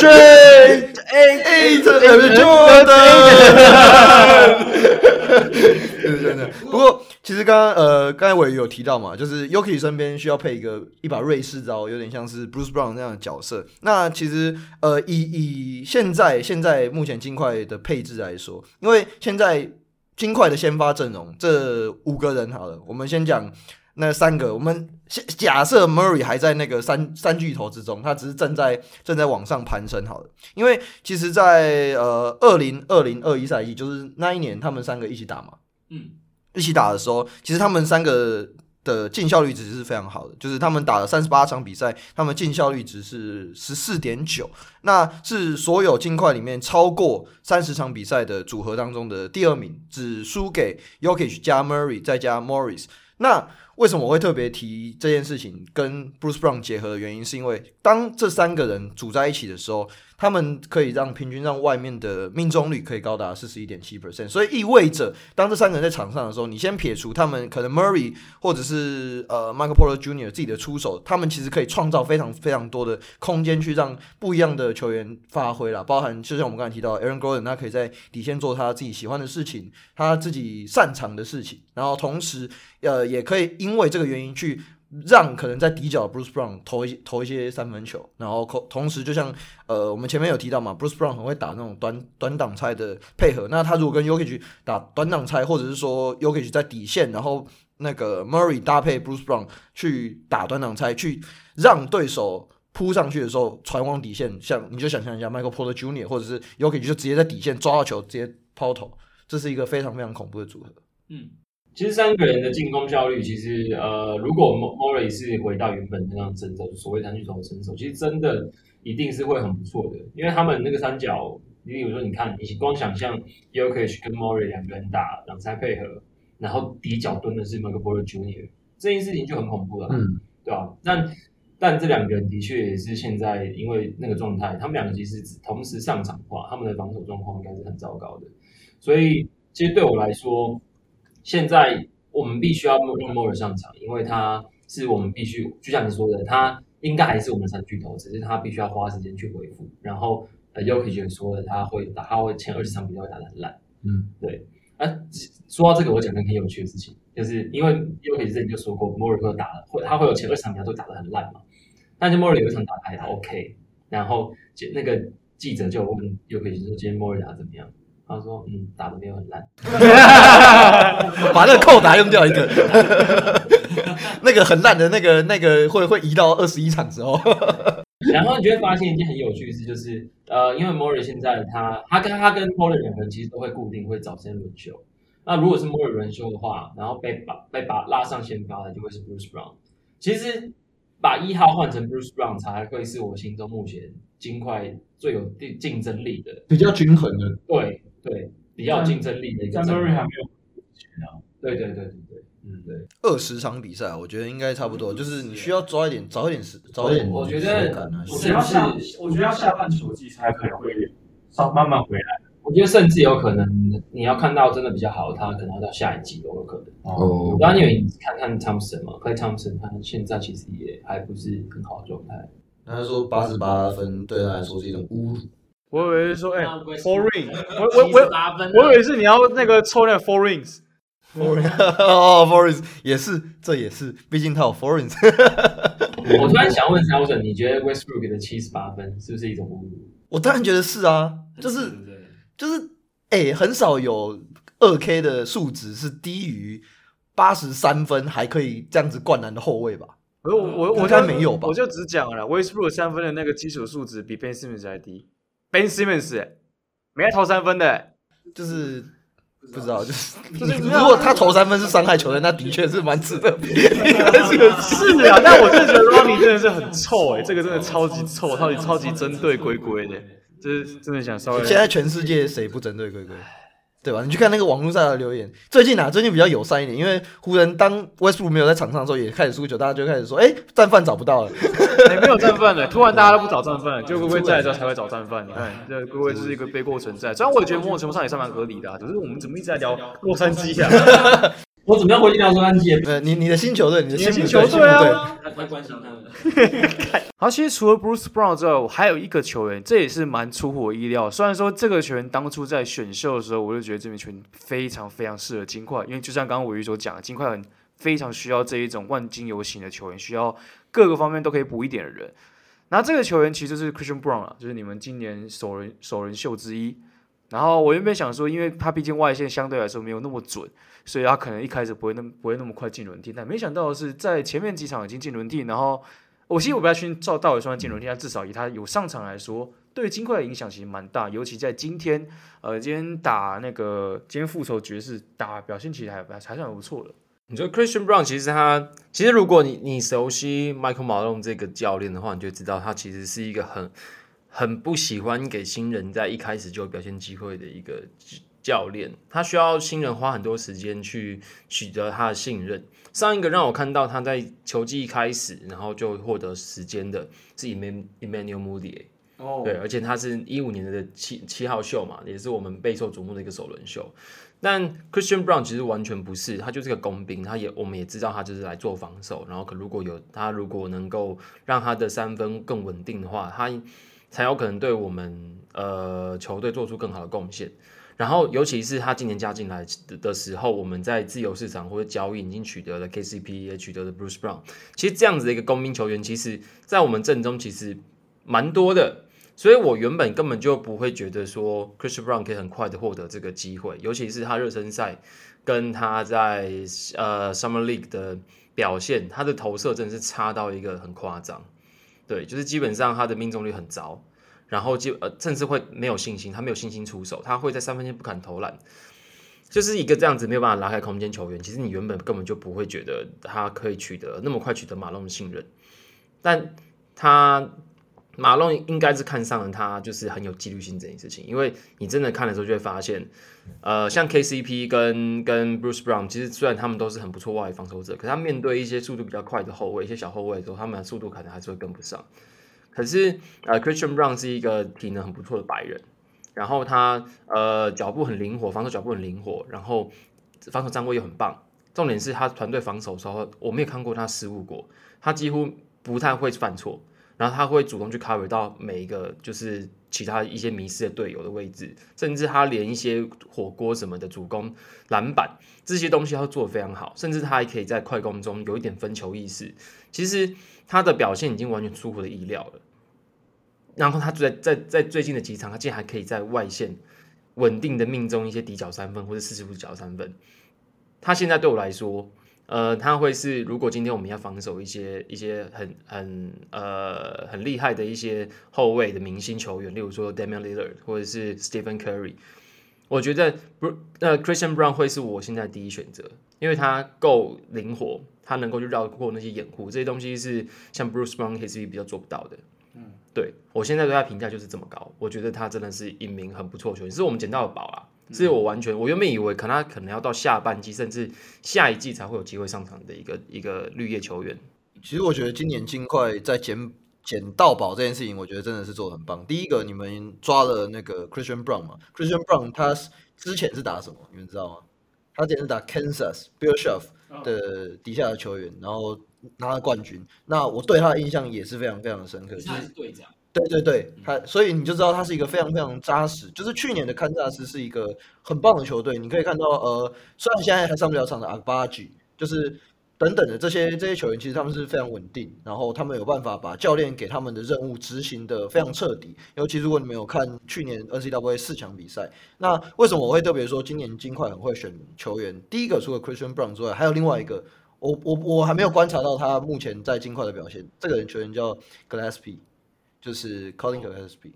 真的。不過，其實剛剛呃，剛才我也有提到嘛，就是 Jokic 身邊需要配一個一把瑞士刀，有點像是 Bruce Brown 那樣的角色。那其實呃，以以現在現在目前金塊的配置來說，因為現在金塊的先發陣容這五個人，好了，我們先講那個三個，我們。假設 Murray 還在那個三三巨頭之中，他只是正在正在往上攀升。好了，因為其實在，在呃二零二零二一賽季，2020, 2021, 就是那一年他們三個一起打嘛，
嗯，
一起打的時候，其實他們三個的進效率值是非常好的。就是他們打了三十八場比賽，他們進效率值是十四點九，那是所有金塊裡面超過三十場比賽的組合當中的第二名，只輸給 Jokic 加 Murray 再加 Morris。那為什麼我會特別提這件事情跟 Bruce Brown 結合的原因，是因為當這三個人組在一起的時候。他們可以讓平均讓外面的命中率可以高達四十一點七 percent，所以意味着當這三個人在場上的時候，你先撇除他們可能 Murray 或者是呃 Michael Porter Jr. 自己的出手，他們其實可以創造非常非常多的空間去讓不一樣的球員發揮啦，包含就像我們剛才提到 Aaron Gordon，他可以在底線做他自己喜歡的事情，他自己擅長的事情，然後同時呃也可以因為這個原因去。讓可能在底角，Bruce Brown 投一投一些三分球，然後同時就像呃，我們前面有提到嘛，Bruce Brown 很會打那種短短擋拆的配合。那他如果跟 Jokic 去打短擋拆，或者是說 Jokic 在底線，然後那個 Murray 搭配 Bruce Brown 去打短擋拆，去讓對手撲上去的時候傳往底線，像你就想象一下 Michael Porter Junior，或者是 Jokic 就直接在底線抓到球直接拋投，這是一個非常非常恐怖的組合。嗯。其實三個人的進
攻效率，其實呃，如果 Murray 是回到原本的那樣身手，所謂單巨頭身手，其實真的一定是會很不錯的，因為他們那個三角，你比如說，你看，你光想像 Jokic 跟 Murray 兩個人打兩三配合，然後底角蹲的是 Micheal Porter Jr. 這件事情就很恐怖了，啊，嗯，對吧、啊？但這兩個人的確也是現在因為那個狀態，他們兩個其實同時上場的話，他們的防守狀況應該是很糟糕的，所以其實對我來說。現在我們必須要用莫爾上場，嗯、因為他是我們必須，就像你說的，他應該還是我們三巨頭，只、就是他必須要花時間去恢復。然後，Yokic 也說了，他會打，他會前二十場比賽會打得很爛。嗯，對。啊說到這個，我講個很有趣的事情，就是因為 Yokic 之前就說過，莫爾會打了，會他會有前二十場比賽都打得很爛嘛。但是莫爾有一場打的還 OK 然後，那個記者就問 Yokic 說，今天莫爾打怎麼樣？他說：“嗯，打得沒有很爛，把那個扣打用掉一個，那個，那個很爛的那個那個會會移到二十一場之後。 然後你就會發現一件很有趣的事，就是呃，因為莫瑞現在他他跟他跟波特兩個人其實都會固定會早先輪休。那如果是莫瑞輪休的話，然後被把被把拉上先發的就會是 Bruce Brown。其實把一號換成 Bruce Brown 才會是我心中目前金塊最有競競爭力的，
比較均衡的，
對。”對比較競爭力的一個 sorry 還沒有，嗯、對對對
對嗯對，二、嗯、十場比賽我覺得應該差不多，就是你需要抓一點，早一點時，早一點，我覺得我，我覺得
我覺得要下半球季才可能會，慢慢回來，我覺得甚至有可能你要看到真的比較好的他，他可能要到下一季都有可能。哦、嗯，我剛、嗯、因為你看看湯普森嘛，看湯普森他現在其實也還不是很好狀
態的狀態。他說八十八分對他
來說是一種侮辱。我以為是說，哎、欸、four ring，我我我，我以為是你要那個抽那個 four rings，four ring，哦，four rings 也是，這也是，畢竟
他有 four rings。 我突然想問一下，你覺得 Westbrook、ok、的七十八分是不是一種侮辱？我當然覺得是啊，就是就是，哎、欸，很少有
二 k 的數值是低於八十三分還可以這樣子灌籃的後衛吧？
我我我應該沒有吧？我就只講了 Westbrook 三分的那個基礎數值比 Ben Simmons 還低。Ben Simmons，欸、沒投三分的、欸，就是不知道。就是如果他投三分是傷害球隊， 那的確是蠻值得的。 這個是的啊， 但我真的覺得 Rony 真的是很臭誒、欸，這個真的超級臭，超級超級針對龜龜的，就是真的想稍微，現在全世界誰不針對龜龜？對吧？你去看
那個網絡上的留言，最近啊，最近比較友善一點，因為湖人當威斯布魯沒有在場上的時候也開始輸球，大家就開始說：“哎、欸，戰犯找不到了。 欸”
你沒有戰犯了。」突然大家都不找戰犯了，對就威威在的時候才會找戰犯？對，各位就是一個背鍋存在。是雖然我也覺得某種程度上也算蠻合理的、啊，只是我們怎麼一直在聊洛杉磯呀？ 我怎麼這樣回應梁生安吉？呃，你你的新球隊，你的新球隊，球對，球對啊，還還
關
心他那好，其實除了 Bruce Brown 之外，我還有一個球員，這也是蠻出乎我意料的。雖然說這個球員當初在選秀的時候，我就覺得這名球員非常非常適合金塊，因為就像剛剛鮪魚所講的，金塊很非常需要這一種萬金油型的球員，需要各個方面都可以補一點的人。那這個球員其實是 Christian Braun 啊，就是你們今年首人首人秀之一。然後我原本想說，因為他畢竟外線相對來說沒有那麼準，所以他可能一開始不會那麼不會那麼快進輪替。但沒想到的是，在前面幾場已經進輪替，然後我其實我不太去照道理說進輪替，但至少以他有上場來說，對金塊的影響其實蠻大。尤其在今天，呃，今天打那個今天復
仇爵士打表現其實還還算很不錯的。你覺得 Christian Braun 其實他其實如果你你熟悉 Michael Malone 這個教練的話，你就知道他其實是一個很。很不喜歡給新人在一開始就表現機會的一個教練，他需要新人花很多時間去取得他的信任。上一個讓我看到他在球季一開始，然後就獲得時間的，是 Emmanuel Mudiay，Oh. 對，而且他是一五年的七七號秀嘛，也是我們備受矚目的一個首輪秀。但 Christian Brown 其實完全不是，他就是個工兵，他也我們也知道他就是來做防守，然後可如果有他如果能夠讓他的三分更穩定的話，他。才有可能對我們呃球隊做出更好的貢獻。然後，尤其是他今年加進來的時候，我們在自由市場或者交易已經取得了 KCP，也取得了 Bruce Brown。其實這樣子的一個工兵球員，其實，在我們陣中其實蠻多的。所以我原本根本就不會覺得說 Chris Brown 可以很快的獲得這個機會，尤其是他熱身賽跟他在呃 Summer League 的表現，他的投射真的是差到一個很誇張。對，就是基本上他的命中率很糟，然後就呃甚至會沒有信心，他沒有信心出手，他會在三分線不敢投籃，就是一個這樣子沒有辦法拉開空間球員。其實你原本根本就不會覺得他可以取得那麼快取得馬龍的信任，但他。馬龍應該是看上了他，就是很有紀律性這件事情。因為你真的看的時候就會發現，呃，像 KCP 跟跟 Bruce Brown，其實雖然他們都是很不錯外圍防守者，可是他面對一些速度比較快的後衛，一些小後衛的時候，他們的速度可能還是會跟不上。可是，呃，Christian Brown 是一個體能很不錯的白人，然後他呃腳步很靈活，防守腳步很靈活，然後防守站位又很棒。重點是他團隊防守的時候，我沒有看過他失誤過，他幾乎不太會犯錯。然後他會主動去 cover 到每一個，就是其他一些迷失的隊友的位置，甚至他連一些火鍋什麼的主攻籃板這些東西，他做的非常好，甚至他還可以在快攻中有一點分球意識。其實他的表現已經完全出乎我的意料了。然後他在在在最近的幾場，他竟然還可以在外線穩定的命中一些底角三分或者四十五角三分。他現在對我來說。呃，他會是，如果今天我們要防守一些一些很很呃很厲害的一些後衛的明星球員，例如說 Damian Lillard 或者是 Stephen Curry，我覺得 BRU 那、呃、Christian Brown 會是我現在第一選擇，因為他夠靈活，他能夠去繞過那些掩護，這些東西是像 Bruce Brown 這些比較做不到的。嗯，對我現在對他評價就是這麼高，我覺得他真的是一名很不錯的球員，是我們撿到的寶啊。是我完全，我原本以為，可能他可能要到下半季，甚至下一季才會有機會上場的一個一個綠葉球
員。其實我覺得今年金塊在撿撿到寶這件事情，我覺得真的是做的很棒。第一個，你們抓了那個 Christian Brown 嘛？Christian Brown 他之前是打什麼？嗯、你們知道嗎？他之前是打 Kansas Bill Self 的底下的球員，嗯嗯、然後拿了冠軍。那我對他的印象也是非常非常的深刻。是他是隊長。對對對，他、嗯、所以你就知道他是一個非常非常扎實。就是去年的堪薩斯是一個很棒的球隊，你可以看到，呃，雖然現在還上不了場的阿巴吉，就是等等的這些這些球員，其實他們是非常穩定，然後他們有辦法把教練給他們的任務執行的非常徹底。尤其如果你沒有看去年 NCAA 四強比賽，那為什麼我會特別說今年金塊很會選球員？第一個除了 Christian Brown 之外，還有另外一個，我我我還沒有觀察到他目前在金塊的表現。這個人球員叫 Gillespie。就是 Collin Gillespie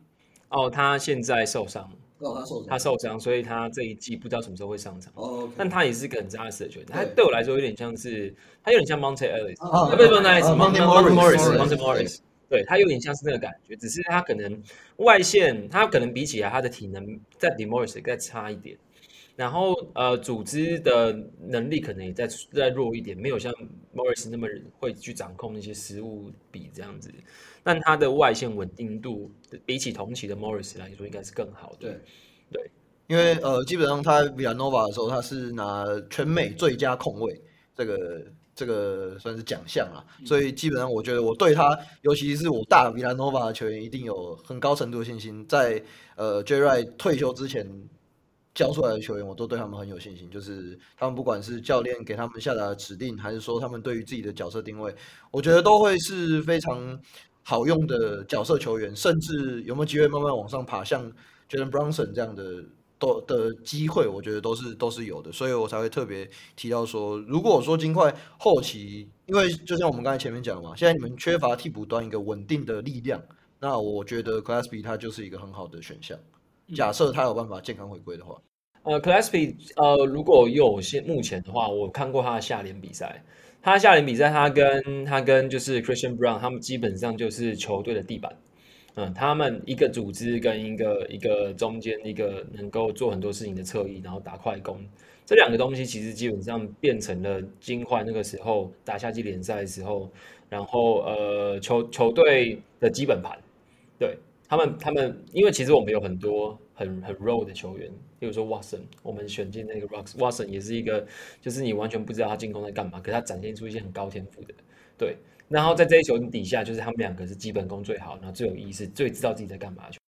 哦，他現在受傷，哦，他
受傷，他
受傷，所以他這一季不知道什麼時候會上場。哦，oh, okay. 但他也是個很扎實的角色，他對，對我來說有點像是，他有點像 Monta Ellis，他、oh, 不是 Monta Ellis，Monte Morris，Monte Morris，對他有點像是那個感覺，只是他可能外線，他可能比起來他的體能再比 Morris 再差一點。然後呃，組織的能力可能也再再弱一點，沒有像 Morris 那麼會去掌控那些失誤比這樣子，但他的外線穩定度比起同期的 Morris 來說，應該是更好的。對，對對，因為呃，基本上他在 Villanova 的
時候，他是拿全美最佳控衛、嗯、這個這個算是獎項了，嗯、所以基本上我覺得我對他，尤其是我大 Villanova 的球員，一定有很高程度的信心，在呃 Jay Wright 退休之前。教出來的球員，我都對他們很有信心。就是他們不管是教練給他們下達的指令，還是說他們對於自己的角色定位，我覺得都會是非常好用的角色球員。甚至有沒有機會慢慢往上爬，像 Jalen Brunson 這樣的都的機會，我覺得都是都是有的。所以我才會特別提到說，如果我說金塊後期，因為就像我們剛才前面講的嘛，現在你們缺乏替補端一個穩定的力量，那我覺得 Class B 他
就是一個很好的選項。假設他有辦法健康回歸的話，呃 Gillespie 呃，如果有現目前的話，我看過他的夏聯比賽，他夏聯比賽，他跟他跟就是 Christian Braun，他們基本上就是球隊的地板，嗯，他們一個組織跟一個一個中間一個能夠做很多事情的側翼，然後打快攻，這兩個東西其實基本上變成了，金塊那個時候打夏季聯賽的時候，然後呃，球球隊的基本盤，對。他們他們，因為其實我們有很多很很弱的球員，比如說 Watson，我們選進那個 Rocks Watson 也是一個，就是你完全不知道他進攻在幹嘛，可他展現出一些很高天賦的，對。然後在這一球底下，就是他們兩個是基本功最好，然後最有意識，最知道自己在幹嘛的球員。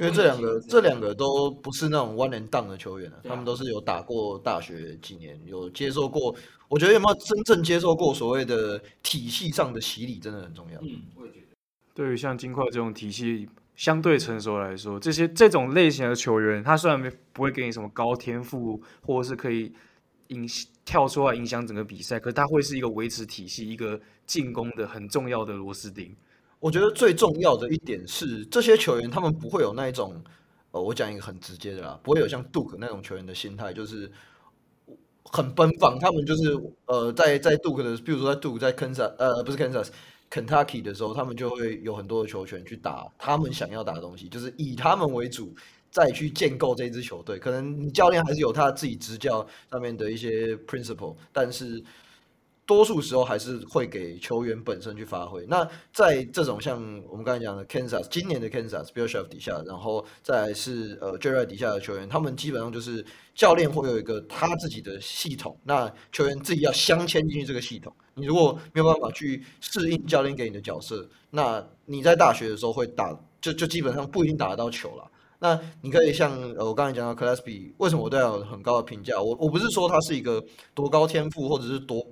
因為這兩個、嗯、這兩個都不是那種 one and done 的球員了，啊、他們都是有打過
大學幾年，有接受過，我覺得有沒有真正接受過所謂的體系
上的洗禮，真的很
重要。
嗯，我也覺
得。對於像金塊這種體系。相對成熟來說，這些這種類型的球員，他雖然沒不會給你什麼高天賦，或者是可以影跳出來影響整個比賽，可是他會是一個維持體系、一個進攻的很重要的螺絲釘。我覺得最重要的一點是，這些球員他們
不會有那一種，呃，我講一個很直接的啦，不會有像杜克那種球員的心態，就是很奔放。他們就是呃，在在杜克的，比如說在杜克，在堪薩，呃，不是堪薩斯，Kentucky 的時候，他們就會有很多的球權去打他們想要打的東西，就是以他們為主再去建構這一支球隊。可能教練還是有他自己執教上面的一些 principle，但是，多數時候還是會給球員本身去發揮。那在這種像我們剛才講的 Kansas，今年的 Kansas Bill Self 底下，然後再是呃 Jared 底下的球員，他們基本上就是教練會有一個他自己的系統，那球員自己要鑲嵌進去這個系統。你如果沒有辦法去適應教練給你的角色，那你在大學的時候會打，就就基本上不一定打得到球了。那你可以像、呃、我剛才講到 Class b 為什麼我對他有很高的評價？我我不是說他是一個多高天賦或者是多。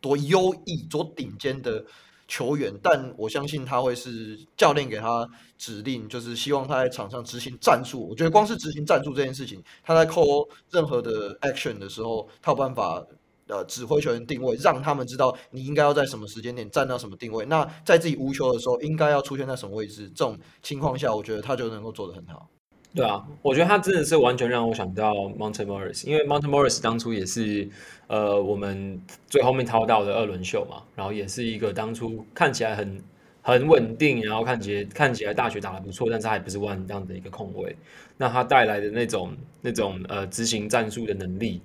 多優異、多頂尖的球員，但我相信他會是教練給他指令，就是希望他在場上執行戰術。我覺得光是執行戰術這件事情，他在 call 任何的 action 的時候，他有辦法呃指揮球員定位，讓他們知道你應該要在什麼時間點站到什麼定位。那在自己無球的時候，應該要出現在什麼位置？這種情況下，我覺得他就能夠做得很好。
對啊，我覺得他真的是完全讓我想到 Monte Morris，因為 Monte Morris 當初也是呃我們最後面淘到的二輪秀嘛，然後也是一個當初看起來很很穩定，然後看起來看起來大學打得不錯，但是還不是萬這樣的一個控衛。那他帶來的那種那種呃執行戰術的能力，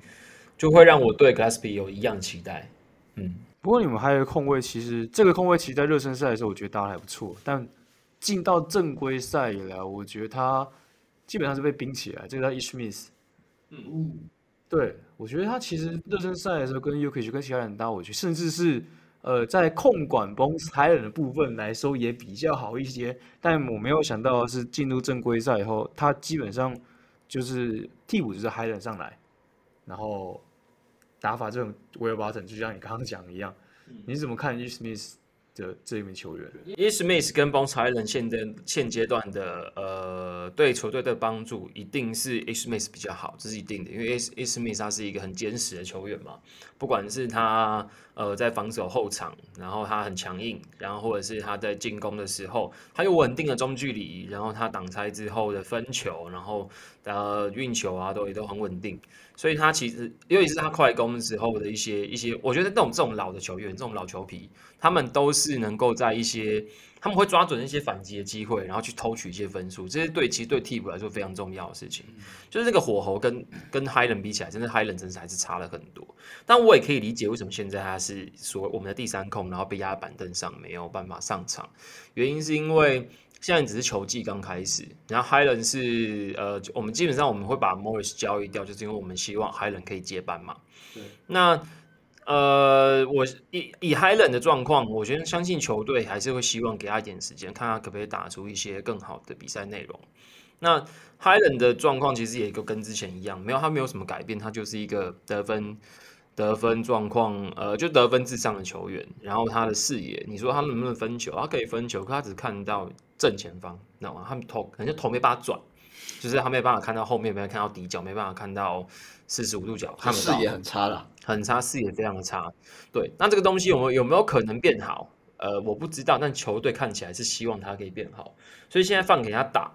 就會讓我對 Gillespie 有一樣期待。
嗯，不過你們還有控衛，其實這個控衛其實，在熱身賽的時候，我覺得打得還不錯，但進到正規賽以來，我覺得他。基本上是被冰起來，這個叫 Ish Smith 嗯嗯，嗯，對我覺得他其實熱身賽的時候跟 Uki 跟其他人搭下去，甚至是呃在控管 Bones Hyland 的部分來說也比較好一些。但我沒有想到是進入正規賽以後，他基本上就是替補就是 Hyland 上來，然後打法這種我也巴整，就像你剛剛講的一樣，你怎麼看 Ish Smith？的這一名球員
Ish Smith 跟 Bones Hyland 現在現階段的呃對球隊的幫助，一定是 Ish Smith 比較好，這是一定的，因為 Ish Smith 他是一個很堅實的球員嘛，不管是他。呃，在防守後場，然後他很強硬，然後或者是他在進攻的時候，他有穩定的中距離，然後他擋拆之後的分球，然後呃運球啊，都也都很穩定，所以他其實尤其是他快攻的時候的一些一些，我覺得那種這種老的球員，這種老球皮，他們都是能夠在一些。他們會抓準一些反擊的機會，然後去偷取一些分數。這是對，其實對替補來說非常重要的事情，嗯、就是那個火候跟跟 Hyland 比起來，真的 Hyland 真是還是差了很多。但我也可以理解為什麼現在他是說我們的第三控，然後被壓在板凳上沒有辦法上場，原因是因為現在只是球季剛開始，然後 Hyland 是呃，我們基本上我們會把 Morris 交易掉，就是因為我們希望 Hyland 可以接班嘛。對那。呃，我以以 Hyland 的狀況，我覺得相信球隊還是會希望給他一點時間，看他可不可以打出一些更好的比賽內容。那 Hyland 的狀況其實也就跟之前一樣，沒有，他沒有什麼改變，他就是一個得分得分狀況，呃，就得分至上的球員。然後他的視野，你說他能不能分球？他可以分球，可他只看到正前方，知道嗎？他頭可能就頭沒辦法轉，就是他沒辦法看到後面，沒有看到底角，沒辦法看到。四十五度角，他們視野很差了，很差，視野非常的差。對，那這個東西有沒有，有沒有可能變好？呃，我不知道。但球隊看起來是希望他可以變好，所以現在放給他打，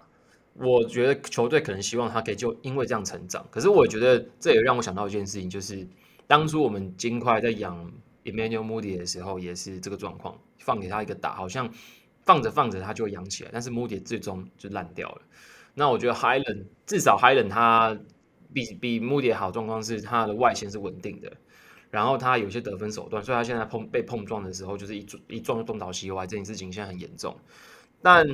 我覺得球隊可能希望他可以就因為這樣成長。可是我覺得這也讓我想到一件事情，就是當初我們金塊在養 Emmanuel Mudiay 的時候，也是這個狀況，放給他一個打，好像放着放着他就會養起來，但是 Mudiay 最終就爛掉了。那我覺得 Hyland 至少 Hyland 他。比比穆迪好，狀況是他的外線是穩定的，然後他有些得分手段，所以他現在碰被碰撞的時候，就是一撞一撞就東倒西歪，這件事情現在很嚴重。但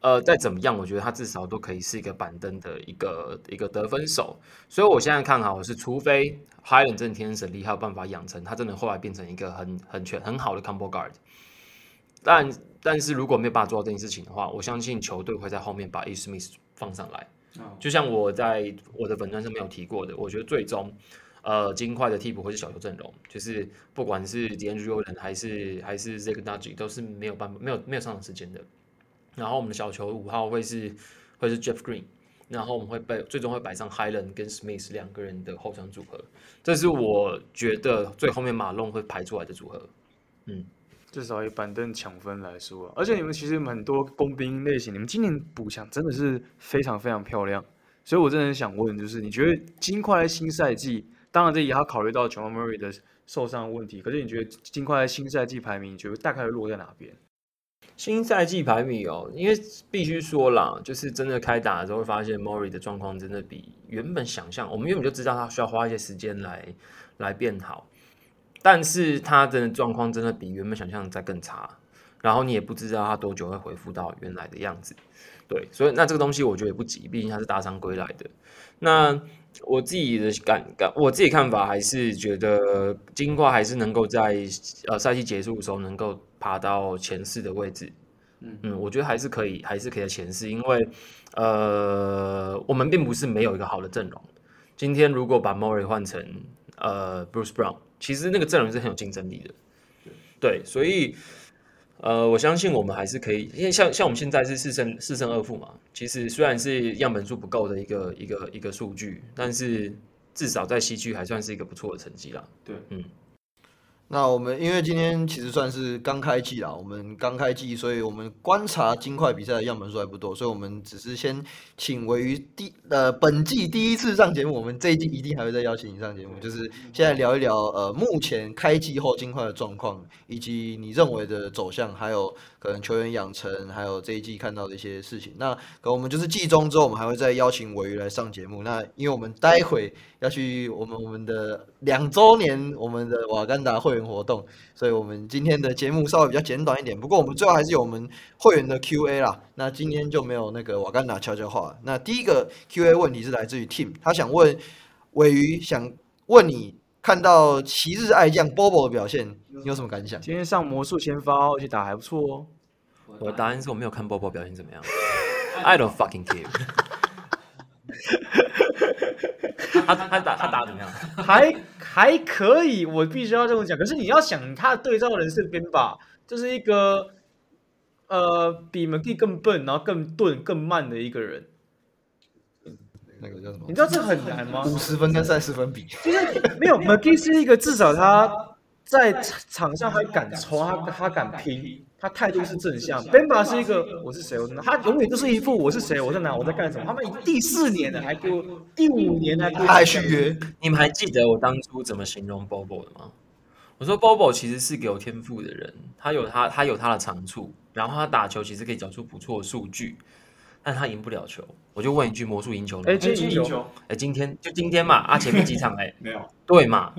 呃，再怎麼樣，我覺得他至少都可以是一個板凳的一個一個得分手。所以我現在看好是，除非 Hyland 真的天生神力，還有辦法養成他，真的後來變成一個很很全很好的 combo guard。但但是如果沒有辦法做到這件事情的話，我相信球隊會在後面把 Ish Smith 放上來。就像我在我的本段是沒有提過的，我覺得最終，呃，金塊的替補會是小球陣容，就是不管是 DeAndre Jordan 還是還是 Zeke Nnaji 都是沒有辦法沒有沒有上場時間的。然後我們的小球五號會是會是 Jeff Green，然後我們會被最終會擺上 Hyland 跟 Smith 兩個人的後場組合，這是我覺得最後面馬龍會排出來的組合，嗯。至少以板凳搶分來說，而且你們
其實很多工兵類型，你們今年補強真的是非常非常漂亮。所以我真的很想問，就是你覺得金塊在新賽季，當然這也要考慮到 Jamal Murray 的受傷問題。可是你覺得金塊在新賽季排名，你覺得大
概會落在哪邊？新賽季排名哦，因為必須說啦，就是真的開打的時候會發現莫瑞的狀況真的比原本想象，我們原本就知道他需要花一些時間來來變好。但是他的狀況真的比原本想象的再更差，然後你也不知道他多久會恢復到原來的樣子，對，所以那這個東西我覺得也不急，畢竟他是大傷歸來的。那我自己的感感，我自己看法還是覺得金塊還是能夠在呃賽季結束的時候能夠爬到前四的位置，嗯嗯，我覺得還是可以，還是可以的前四，因為呃我們並不是沒有一個好的陣容。今天如果把 Mori 換成呃 Bruce Brown。其實那個陣容是很有競爭力的，對，所以，呃，我相信我們還是可以，因為像像我們現在是四勝四勝二負嘛，其實雖然是樣本數不夠的一個一個一個數據，但是至少在西區還算是一個不錯的成績啦。對，嗯。
那我們因為今天其實算是剛開季啦，我們剛開季，所以我們觀察金塊比賽的樣本數還不多，所以我們只是先請鮪魚第呃本季第一次上節目，我們這一季一定還會再邀請你上節目，就是現在聊一聊呃目前開季後金塊的狀況，以及你認為的走向，還有。可能球員養成，還有這一季看到的一些事情。那，可我們就是季中之後，我們還會再邀請鮪魚來上節目。那，因為我們待會要去我們我們的兩周年，我們的瓦甘達會員活動，所以我們今天的節目稍微比較簡短一點。不過，我們最後還是有我們會員的 Q&A 啦。那今天就沒有那個瓦甘達悄悄話。那第一個 Q&A 問題是來自於 Tim，他想問鮪魚，想問你。看到騎士愛將 Bobo 的表現，你有什麼感想？今天上魔術先發，
而且打還不錯哦。我的答案是，我沒有看 Bobo 表現怎麼樣。 I don't fucking care。他他打他打怎麼樣？
還還可以，我必須要這麼講。可是你要想，他對照人是邊吧，就是一個呃比蒙蒂更笨，然後更鈍、更慢的一個人。那個叫什麼？你知道這很難嗎？五十分跟三十分比，就是沒有。McGee 是一個至少他在場上他敢衝，他他敢拼，他態度是正向。Bamba 是一個我是誰，我在哪，他永遠都是一副我是誰，我在哪，我在幹什麼？他們已經第四年了還就第五年了他還續約？
你們還記得我當初怎麼形容 Bobo 的嗎？我說 Bobo 其實是個有天賦的人，他有他他有他的長處，然後他打球其實可以找出不錯的數據。但他贏不了球，我就問一句：魔術贏球了？哎、欸欸，今天贏球？哎，今天就今天嘛！對啊，前面幾場哎、 欸，沒有，對嘛？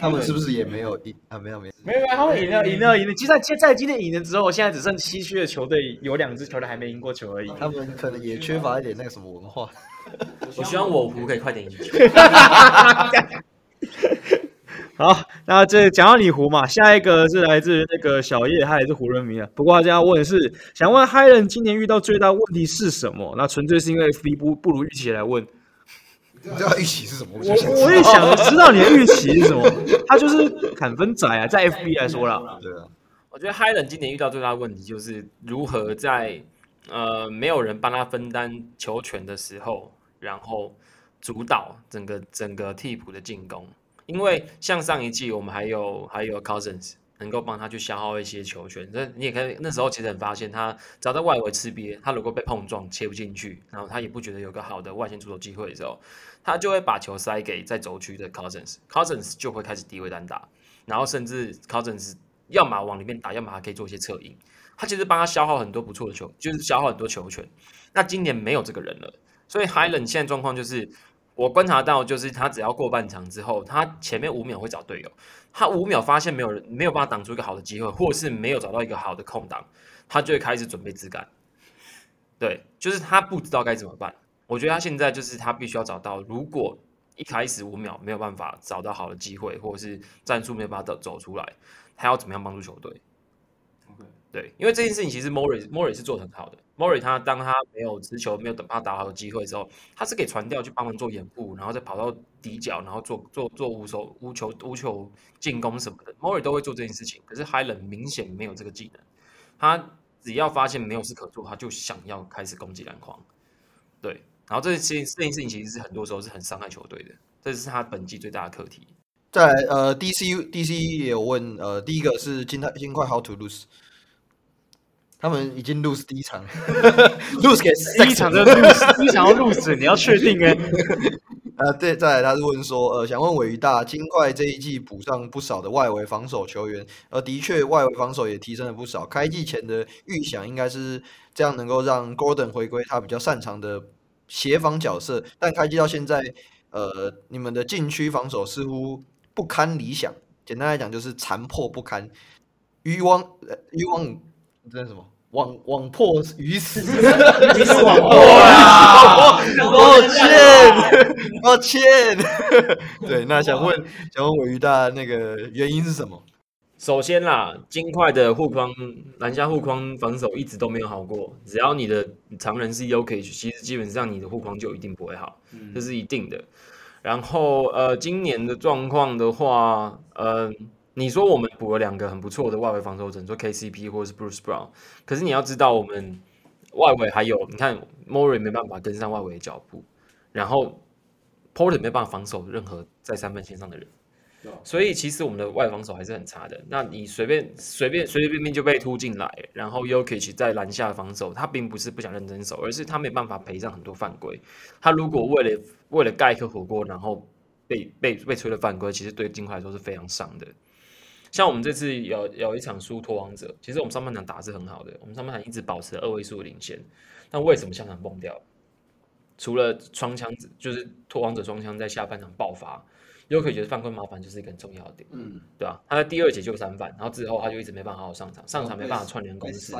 他們是不是也
沒有贏？啊，沒有，沒
有，
沒有、欸，他們贏了，贏了，贏了！其實在在今天贏了之後，現在只剩西區的球隊有兩支球隊還沒贏過球而已、啊。他們可能也缺乏一
點那個什麼文化。嗎我希望我湖可以快點贏球。
好，那這講到你湖嘛，下一個是來自那個小葉，他也是湖人迷啊。不過他現在要問是，想問 Hyland 今年遇到最大問題是什麼？那純粹是因為 F B 不不如預期來問。你知道預期是什麼？我就想我也想知道你的預期是什麼。 他就是砍分仔啊，在 F B 來說了。對
啊，我覺得 Hyland 今年遇到最大的問題就是如何在呃沒有人幫他分擔球權的時候，然後主導整個整個替補的進攻。因為像上一季，我們還有還有 Cousins 能夠幫他去消耗一些球權，那你也可以，那時候其實很發現，他只要在外圍吃鱉，他如果被碰撞切不進去，然後他也不覺得有個好的外線出手機會的時候，他就會把球塞給在肘區的 Cousins，Cousins 就會開始低位單打，然後甚至 Cousins 要麼往裡面打，要麼他可以做一些策應，他其實幫他消耗很多不錯的球，就是消耗很多球權。那今年沒有這個人了，所以海蘭德現在狀況就是。我觀察到，就是他只要過半場之後，他前面五秒會找隊友。他五秒發現沒有人、沒有辦法擋住一個好的機會，或者是沒有找到一個好的空檔，他就會開始準備自幹。對，就是他不知道該怎麼辦。我覺得他現在就是他必須要找到，如果一開始五秒沒有辦法找到好的機會，或者是戰術沒有辦法走出來，他要怎麼樣幫助球隊？對，因為這件事情其實 Murray 是做得很好的。Murray 他當他沒有持球、沒有等他打好的機會之後，他是給傳調去幫忙做掩護，然後再跑到底角，然後做做做無手無球無球進攻什麼的。Murray 都會做這件事情，可是 Hyland 明顯沒有這個技能。他只要發現沒有事可做，他就想要開始攻擊籃筐。對，然後這些這件事情其實是很多時候是很傷害球隊的，這是他本季最大的課題。
再來，呃，DCU DC 也有問，呃，第一個是金塊金塊 How to lose。他們已經 lose lo 第一場 ，lose lo 給第一場的 lose，你想要 lose，lo 你要確定誒、呃。 呃，對，再來，他是問說，呃，想問鮪魚大金塊這一季補上不少的外圍防守球員，呃，的確外圍防守也提升了不少。開季前的預想應該是這樣，能夠讓 Gordon 回歸他比較擅長的協防角色，但開季到現在，呃，你們的禁區防守似乎不堪理想。簡單來講，就是殘破不堪。欲望，呃，欲望，這是什麼？網網破魚死，你是網破啊！抱歉，抱歉。對，那想問，
歐想問鮪魚大那個原因是什麼？首先啦，金塊的護框籃下護框防守一直都沒有好過。只要你的常人是 Jokic，其實基本上你的護框就一定不會好，嗯、這是一定的。然後呃，今年的狀況的話，嗯、呃。你說我們補了兩個很不錯的外圍防守者，你說 KCP 或者是 Bruce Brown，可是你要知道我們外圍還有，你看 Murray 沒辦法跟上外圍的腳步，然後 Porter 沒辦法防守任何在三分線上的人，所以其實我們的外防守還是很差的。那你隨便隨便隨隨便便便就被突進來，然後 Jokic 在籃下防守，他並不是不想認真守，而是他沒辦法賠上很多犯規。他如果為了為了蓋一顆火鍋，然後被被被吹了犯規，其實對進攻來說是非常傷的。像我們這次有有一場輸拓荒者，其實我們上半場打的是很好的，我們上半場一直保持了二位數領先，但為什麼下半場崩掉？除了雙槍子，就是拓荒者雙槍在下半場爆發。又可以覺得犯規麻煩，就是一個很重要的點，嗯，對吧、啊？他在第二節就三犯，然後之後他就一直沒辦法好好上場，上場沒辦法串聯攻勢，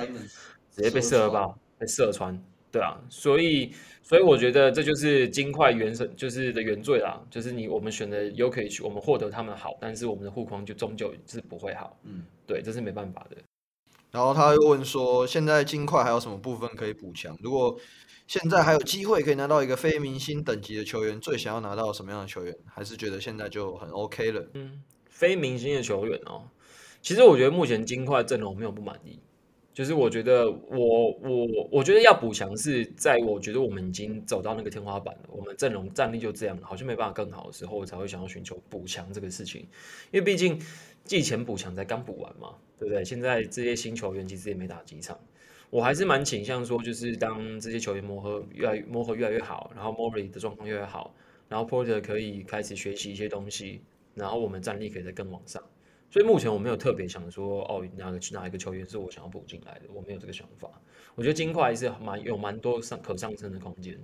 直接被射爆，被射穿。對啊，所以所以我覺得這就是金塊原神，就是的原罪啦，就是你我們選的 Jokic，去，我們獲得他們好，但是我們的護框就終究是不會好，嗯，對，這是沒辦法的。然後他又問說，現在金塊還有什麼部分可以補強？如果現在還有機
會可以拿到一個非明星等級的球員，最想要拿到什麼樣的球員？還是覺得現在就很
OK 了？嗯，非明星的球員哦，其實我覺得目前金塊陣容沒有不滿意。就是我覺得我，我我我覺得要補強是在我覺得我們已經走到那個天花板了，我們陣容戰力就這樣好像沒辦法更好的時候，我才會想要尋求補強這個事情。因為畢竟季前補強才剛補完嘛，對不對？現在這些新球員其實也沒打幾場，我還是蠻傾向說，就是當這些球員磨合越來越磨合越來越好，然後 Murray 的狀況越來越好，然後 Porter 可以開始學習一些東西，然後我們戰力可以再更往上。所以目前我沒有特別想說哦，哪個去哪一個球員是我想要補進來的，我沒有這個想法。我覺得金塊還是蠻有蠻多上可上升的空間。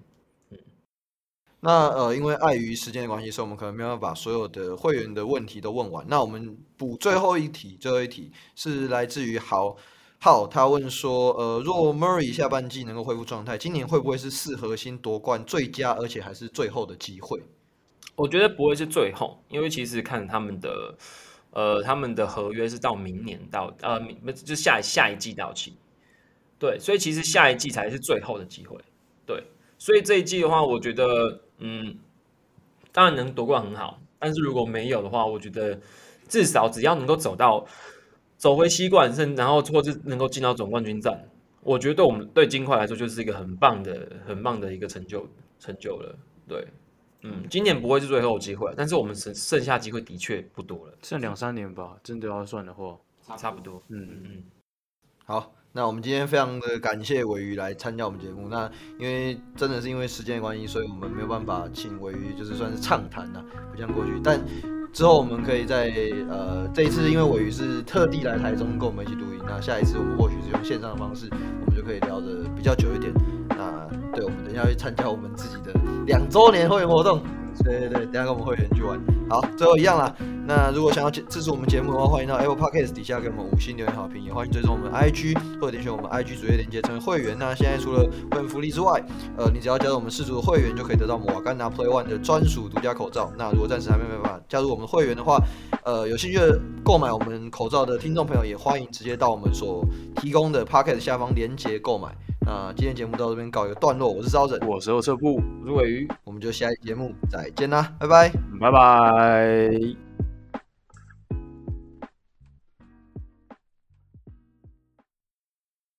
嗯，那呃，因為礙於時間的關係，所以我們可能沒辦法把所有的會
員的問題都問完。那我們補最後一題，嗯、最後一題是來自於豪豪，他問說：呃，若 Murray 下半季能夠恢復狀態，今年會不會是四核心
奪冠最佳，而且還是最後的機會？我覺得不會是最後，因為其實看他們的。呃，他們的合約是到明年到呃明，就下下一季到期，對，所以其實下一季才是最後的機會，對，所以這一季的話，我覺得，嗯，當然能奪冠很好，但是如果沒有的話，我覺得至少只要能夠走到走回西冠，甚然後或者能夠進到總冠軍戰，我覺得對我們對金塊來說就是一個很棒的很棒的一個成就成就了，對。嗯，今年不會是最後機會，但是我們剩剩下機會的確不多了，剩兩三年吧，真的要算的話，差差不多。不多
嗯嗯嗯。好，那我們今天非常的感謝鮪魚來參加我們節目，那因為真的是因為時間的關係，所以我們沒有辦法請鮪魚就是算是暢談吶，不像過去，但之後我們可以再呃這一次因為鮪魚是特地來台中跟我們一起錄影，那下一次我們或許是用線上的方式，我們就可以聊的比較久一點。那對我們等一下會參加我們自己的。兩周年會員活動，對對對，等一下跟我們會員去玩。好，最後一樣了。那如果想要支持我們節目的話，歡迎到 Apple Podcast 底下給我們五星留言好評，也歡迎追蹤我們 IG 或者點選我們 IG 主頁連接成會員。那現在除了會員福利之外，呃，你只要加入我們四組的會員，就可以得到瓦甘達 Play One 的專屬獨家口罩。那如果暫時還沒有辦法加入我們會員的話，呃，有興趣的購買我們口罩的聽眾朋友，也歡迎直接到我們所提供的 Podcast 下方連接購買。那今天節目到這邊告一個段落，我是趙振，我是後撤步，我是鮪魚，我們就下一節目再見啦，拜拜，拜拜。